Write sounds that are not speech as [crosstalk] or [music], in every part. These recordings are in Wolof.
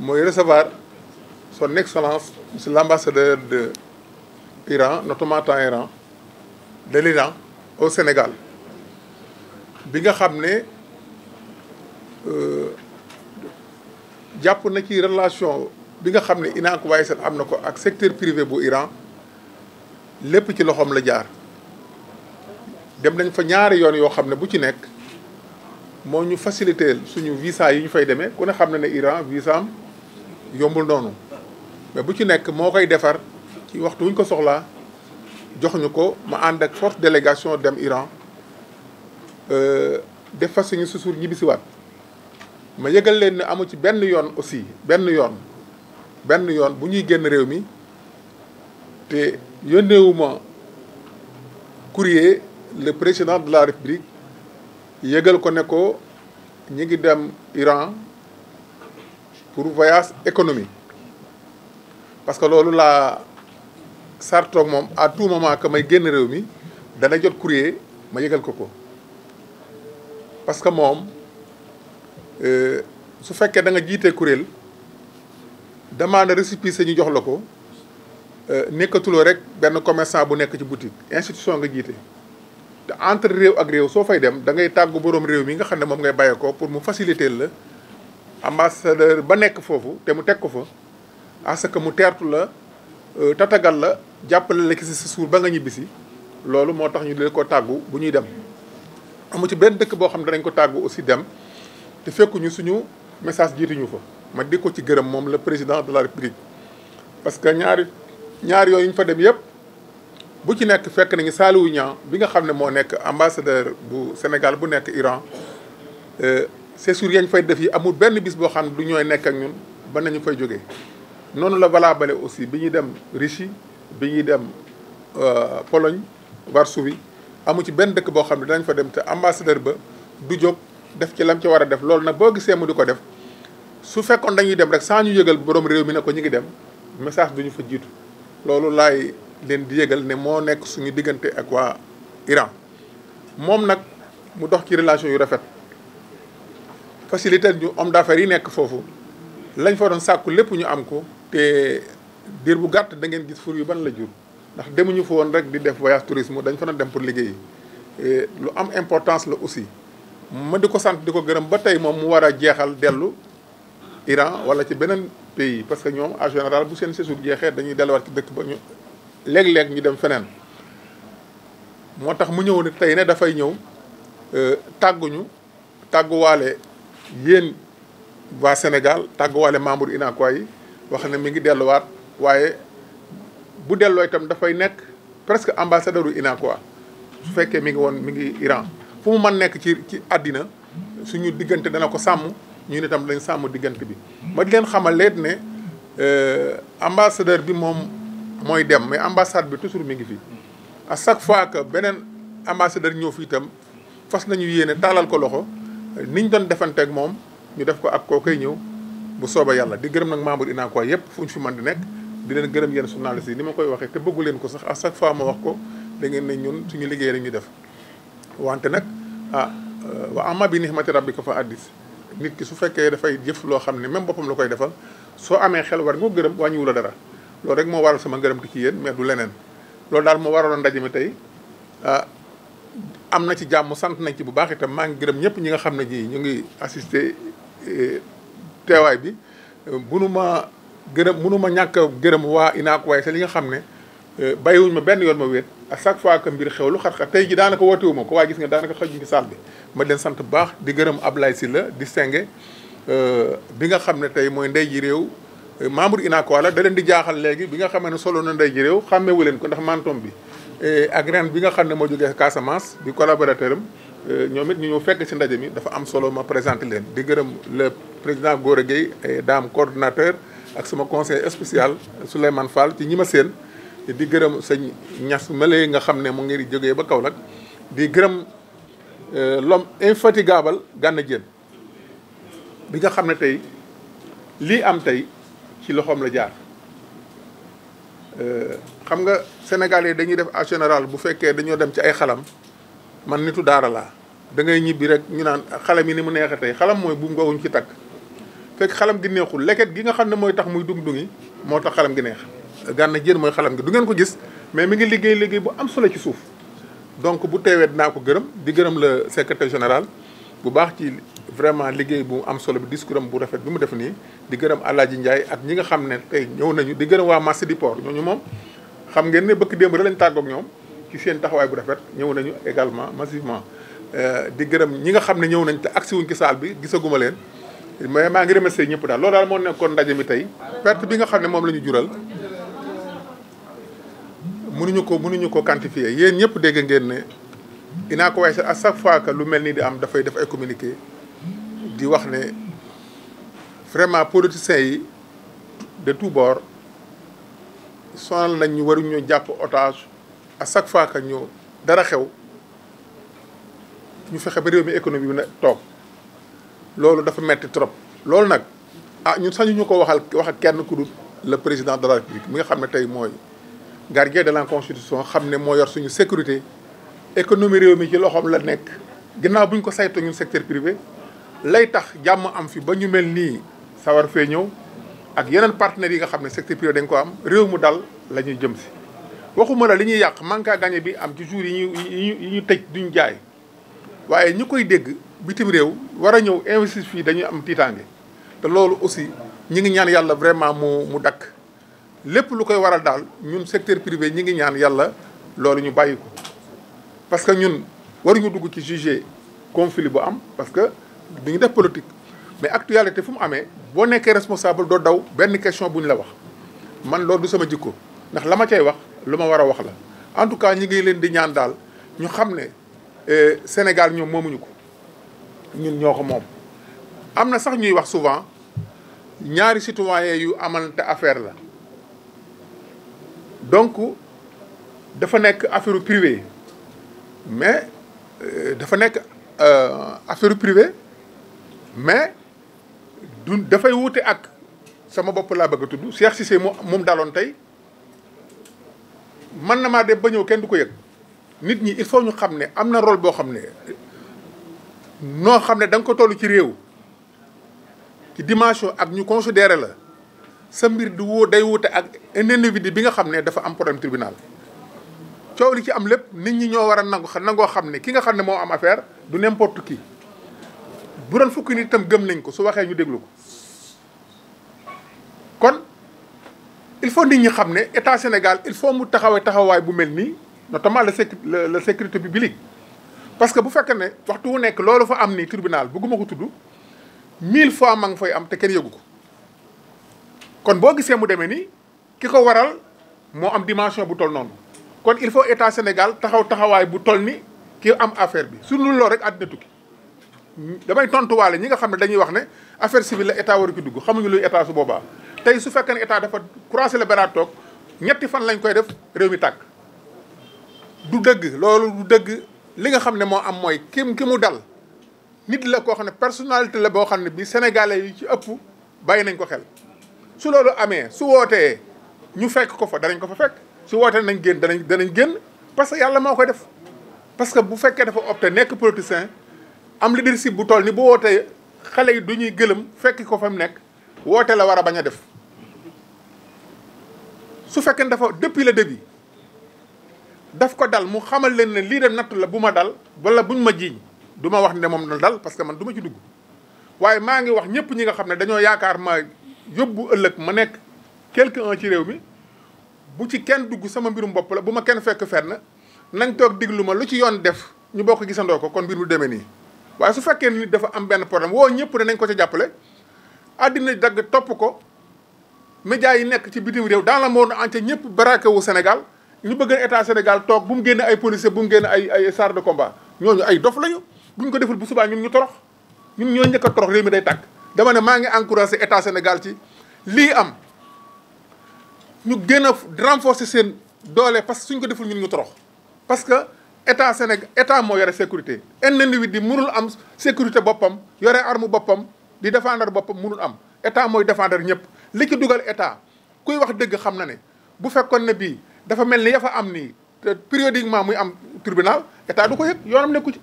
mooy recevoir son excellence monsieur l'ambassadeur de Iran notamment iran de l'Iran au Sénégal bi nga xam ne euh, jàpp na ci relation bi nga xam ne ko waaye Kubaysen am na ko ak secteur privé bu Iran lépp ci loxoom la jaar dem nañ fa ñaari yoon yoo xam ne bu ci nekk moo ñu faciliter suñu visa yi ñu fay demee ku ne xam na ne Iran visa yombul noonu mais bu ci nekk moo koy defar ci waxtu wuñ ko soxlaa jox ñu ko ma ànd ak forte délégation dem Iran euh, def fa suñu si susuur ñibbisiwaat ma yëgal leen ni amu ci benn yoon aussi benn yoon benn yoon bu ñuy génn réew mi te yónneewuma courrier le président de la république yëgal ko ne ko ñu ngi dem Iran pour voyage économie parce que loolu laa sartoog moom à tout moment que may génn réew mi dana jot courrier ma yëgal ko ko parce que moom euh, su fekkee da nga jiitee kuréel demande récépissé ñu jox la ko euh, nekkatuloo rek benn commerçant bu nekk ci boutique institution nga jiite te entre réew ak réew soo fay dem da ngay tàggu boroom réew mi nga xam ne moom ngay bàyyee ko pour mu faciliter la ambassadeur ba nekk foofu te mu teg ko fa à que mu teertu la euh, tatagal la jàppale la ki si suur ba nga ñibbisi loolu moo tax ñu leen ko tàggu bu ñuy dem amu ci benn dëkk boo xam ne danañ ko tàggu aussi dem te fekkuñu suñu message jiituñu fa ma di ko ci gërëm moom la président de la république parce que ñaari ñaar yooyu ñu fa dem yëpp bu ci nekk fekk nañu Saliou Niang bi nga xam ne moo nekk ambassadeur bu Sénégal bu nekk Iran euh, c'est sûr yañ fay def yi amul benn bis boo xam ne du ñooy nekk ak ñun ba nañu fay jóge noonu la valable aussi bi ñuy dem Russie bi ñuy dem euh, Pologne Varsovie amu ci benn dëkk boo xam ne danañ fa dem te ambassadeur ba du jóg def ci lam ci war a def loolu nag boo gisee mu di ko def su fekkoon dañuy dem rek sans ñu yëgal borom réew mi ne ko ñu ngi dem message du ñu fa jiitu leen di yëgal ne moo nekk suñu diggante ak waa Iran moom nag mu dox ci relation yu rafet facilité yu homme d'affaires yi nekk foofu lañ fa doon sàkku lépp ñu am ko te diir bu gàtt da ngeen gis fur yu ban la jur ndax demuñu fa woon rek di def voyage tourisme dañ fa doon dem pour liggéey e, lu am importance la aussi ma di ko sant di ko gërëm ba tey moom mu war a jeexal dellu Iran wala ci beneen pays parce que ñoom a général bu seen séjour jeexee dañuy delluwaat ci dëkk ba ñu léeg-léeg ñu dem feneen moo tax mu ñëw ne tey ne dafay ñëw euh, tàgguñu tàgguwaale yéen waa Sénégal tàgguwaale membre UNACOIS yi wax ne mi ngi delluwaat waaye bu delloo itam dafay nekk presque ambassadeur u UNACOIS su fekkee mi ngi woon mi ngi Iran fu mu mën nekk ci ci àddina suñu diggante dana ko sàmm ñu ne itam dañ sàmm diggante bi ma di leen xamal leet ne euh, ambassadeur bi moom mooy dem mais ambassade bi toujours mi ngi fii à chaque fois que beneen ambassadeur ñëw fii itam fas nañu yéene taalal ko loxo ni niñ doon defanteeg moom ñu def ko ak koo koy ñëw bu sooba yàlla di gërëm nag membre UNACOIS yëpp fu ñu fi man di nekk di leen gërëm yéen journaliste yi ni ma koy waxee te bëgguleen ko sax à chaque fois ma wax ko da ngeen ne ñun ñu liggéey rek ñu def wante nag ah euh, wa amma bi nihmati ko fa addis nit ki su fekkee dafay jëf loo xam ne même boppam la koy defal soo amee xel war nga gërëm wàññiwu la dara loolu rek moo waral sama gërëm ngërëmtu ci yéen mais du leneen loolu daal moo waraloon ndaje mi tey ah, am na ci jàmm sant nañ ci bu baax itam maa ngi gërëm ñëpp ñi nga xam ne ji ñu ngi assister eh, teewaay bi bunu ma gërëm munu ma ñàkk a gërëm waa inaak waaye li nga xam ne eh, bàyyiwuñ ma benn yoon ma wéet à chaque fois que mbir xew lu xat-xat tey ji daanaka wootewu ma ko waaye gis nga daanaka xajuñ ci saal bi ma leen sant bu baax di gërëm la di distingué eh, bi nga xam ne tey mooy ndey ji réew membre UNACOIS la da leen di jaaxal léegi bi nga xamee ne solo na ndey ji réew xàmmewu leen ko ndax mantom bi eh, ak ren bi nga xam ne moo jógee Casamance bi collaborateur am eh, ñoom it ñu ñëw fekk ci ndaje mi dafa am solo ma présenté leen di gërëm le président Gora Gueye eh, daam coordonnateur ak sama conseil spécial Souleymane Fall ci ñi ma seen di gërëm sëñ ñas malee nga xam ne mu ngi jógee ba kaw Kaolack di gërëm lom infatigable Gana Diène bi nga xam ne tey lii am tey ci loxoom la jaar euh, xam nga yi dañuy def en général bu fekkee dañoo dem ci ay xalam man nitu daara laa da ñibbi rek ñu naan xalam yi ni mu neexee tey xalam mooy bu googuñ ci takk fekk xalam gi neexul leket gi nga xam ne mooy tax muy dung dungi moo tax xalam gi neex gànna jén mooy xalam gi du ngeen ko gis mais mi ngi liggéey liggéey bu am solo ci suuf donc bu teewee dinaa ko gërëm di gërëm la secrétaire général bu baax ci vraiment liggéey bu am solo bi discours am bu rafet bi mu def nii di gërëm Alaaji Ndiaye ak ñi nga xam ne tey ñëw nañu di gërëm waa marché du port ñooñu moom xam ngeen ne bëkk démb rek lañ tàggoog ñoom ci seen taxawaay bu rafet ñëw nañu également massivement euh, di gërëm ñi nga xam ne ñëw nañ te agsi wuñ ci saal bi gisaguma leen mais maa ngi remercier ñëpp daal loolu daal moo nekkoon ndaje mi tey perte bi nga xam ne moom la ñu jural mënuñu ko munuñu ko quantifier yéen ñëpp dégg ngeen ne inaa ko waaye à chaque fois que lu mel nii di am dafay def ay communiqué di wax ne vraiment politiciens yi de tout bord sonal nañ ñu ñu jàpp otage à chaque fois que ñu dara xew ñu fexe ba réew mi économie bi na toog loolu dafa metti trop. loolu nag ah ñu sañu ko waxal wax ak kenn ku dul le président de la république mu nga xam ne tey mooy gardien de la constitution xam ne moo yor suñu sécurité économie réew mi ci loxoom la nekk ginnaaw bu ñu ko saytoo ñun secteur privé. lay tax jàmm am fi ba ñu mel nii sawar fee ñëw ak yeneen partenaires yi nga xam ne secteur privé dañ ko am réew mu dal la ñuy jëm si. waxuma la li ñuy yàq manque à bi am ci jour yi ñu yi ñu tëj duñ jaay waaye ñi koy dégg bitim réew war a ñëw investir fii dañuy am tiitaange te loolu aussi ñi ngi ñaan yàlla vraiment mu mu dakk lépp lu koy waral daal ñun secteur privé ñi ngi ñaan yàlla loolu ñu bàyyi ko parce que ñun waruñu dugg ci juger conflit bu am parce dañuy def politique mais actualité fu mu amee boo nekkee responsable doo daw benn question bu ñu la wax man lool du sama jikko ndax la ma cay wax lu ma war a wax la en tout cas ñi ngi leen di ñaan daal ñu xam ne euh, Sénégal ñoom moomuñu ko ñun ñoo ko moom am na sax ñuy wax souvent ñaari citoyen yu amalante affaire la donc dafa nekk affaire privée mais euh, dafa nekk euh, affaire privée mais du dafay wuute ak sama bopp laa bëgg a tudd Cheikh Cissé mu moom daaloon tey man na maa dem ba ñëw kenn du ko yëg nit ñi il faut ñu xam ne am na role boo xam ne noo xam ne danga ko toll ci réew ci dimension ak ñu considéré la sa mbir du woo day wuute ak un individu bi nga xam ne dafa am problème tribunal coow li ci am lépp nit ñi ñoo war a nangu nangoo xam ne ki nga xam ne moo am affaire du n'importe qui bu doon fukki nit itam gëm nañ ko su waxee ñu déglu ko kon il faut nit ñi xam ne état Sénégal il faut mu taxawe taxawaay bu mel nii notamment la sécu la sécurité publique. parce que bu fekkee ne waxtu wu nekk loolu fa am nii tribunal bëgguma ko tudd mille fois ma nga fay am te kenn yëgu ko kon boo gisee mu demee nii ki ko waral moo am dimension bu toll noonu kon il faut état Sénégal taxaw taxawaay bu toll ni ki am affaire bi su dul loolu rek àddina tukki. damay tontuwaale ñi nga xam ne dañuy wax ne affaire civile la état waru ki dugg xamuñu luy état su boobaa tey su fekkee ne état dafa croisé le bras ñetti fan lañ koy def réew mi tàkk du dëgg loolu du dëgg li nga xam ne moo am mooy kim ki mu dal nit la koo xam ne personnalité la boo xam ne bi sénégalais yi ci ëpp bàyyi nañ ko xel su loolu amee su wootee ñu fekk ko fa danañ ko fa fekk su wootee nañ génn danañ danañ génn parce que yàlla moo koy def parce que bu fekkee dafa opté nekk politicien am leadership bu toll ni bu wootee xale yi du ñuy gëlëm fekki ko fa mu nekk wootee la war a bañ a def su fekkee dafa depuis le début daf ko dal mu xamal leen ne lii de natt la bu ma dal wala buñ ma jiiñ du ma wax ne moom na dal parce que man du ma ci dugg waaye maa ngi wax ñëpp ñi nga xam ne dañoo yaakaar ma yóbbu ëllëg ma nekk quelqu'un ci réew mi bu ci kenn dugg sama mbirum bopp la bu ma kenn fekk fenn nañ toog diglu ma lu ci yoon def ñu bokk gisandoo ko kon mbir mu demee nii. waaye su fekkee nit dafa am benn problème woo ñëpp ne nañ ko ca jàppale àddina dagg topp ko médias yi nekk ci bitim réew dans le monde entier ñëpp baraake wu Sénégal ñu bëgg état Sénégal toog bu mu génne ay policier bu mu génne ay ay chars de combat ñooñu ay dof lañu bu ñu ko deful bu subaa ñun ñu torox ñun ñoo njëkk a torox réew mi day tàkk dama ne maa ngi encouragé état Sénégal ci lii am ñu génn a renforcer seen doole parce que suñ ko deful ñun ñu torox état Sénégal état moo yore sécurité un individu mënul am sécurité boppam yore arme boppam di défendre boppam munul am état mooy défendre ñëpp li ci dugal état kuy wax dëgg xam na ne bu fekkoon ne bii dafa mel ni ya fa am nii te périodiquement muy am tribunal état du ko yëg yoonam nekku ci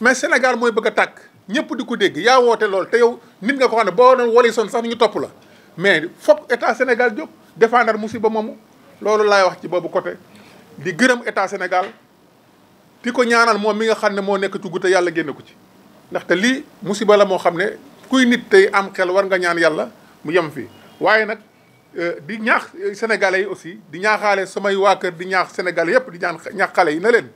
mais Sénégal mooy bëgg a tàkk ñëpp di ko dégg yaa woote lool te yow nit nga ko xam ne boo doon wali son sax ñu topp la mais foog état Sénégal jóg défendre musiba moomu loolu laay wax ci boobu côté di gërëm état Sénégal di ko ñaanal moom mi nga xam ne moo nekk ci guddi yàlla génne ko ci ndaxte lii musiba la moo xam ne kuy nit tey am xel war nga ñaan yàlla mu yem fii waaye nag euh, di ñaax euh, sénégalais yi aussi di ñaaxaale samay waa kër di ñaax sénégalais yëpp di ñaan ñaax xale yi na leen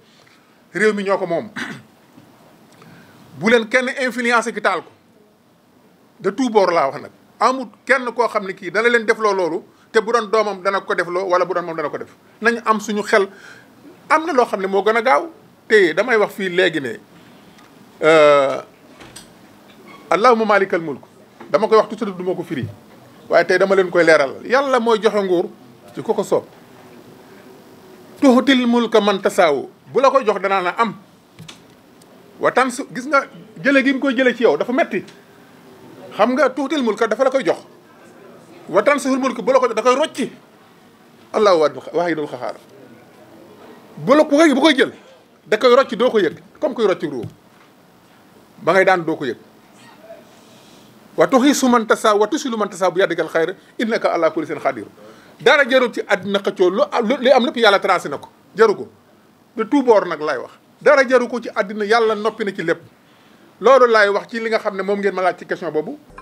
réew mi ñoo ko moom [coughs] bu leen kenn influencé ki taal ko de tout bord laa wax nag amut kenn koo xam ne kii dana leen defloo loolu te bu doon doomam dana ko defloo wala bu doon moom dana ko def nañ am suñu xel am na loo xam ne moo gën a gaaw téye damay wax fii léegi ne euh, allahumma malikal mulk dama koy wax tout du ma ko firi waaye tey dama leen koy leeral yàlla mooy joxe nguur ci ko ko soob tuxutil mulka man tasaawu bu la koy jox danaa na am watan su gis nga jële gi mu koy jële ci yow dafa metti xam nga tuxutil mulka dafa la koy jox watan suhul mulka bu la ko jox da koy rocci allahu waahidul xaxaar bu la bu koy jël da koy rocc doo ko yëg comme koy rocc ruum ba ngay daan doo ko yëg wa tuxiisu man tasaa wa tusilu man tasaa bu yàddigal xayra innaka ala kulli seen xadir dara jarul ci àddina xëccoo lu li am lépp yàlla tracé na ko jaru ko de tout bord nag laay wax dara jaru ko ci àddina yàlla noppi na ci lépp loolu laay wax ci li nga xam ne moom ngeen ma laaj ci question boobu